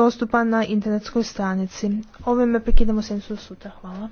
dostupan na internetskoj stranici. Ovime prekidamo sjednicu sutra. Hvala.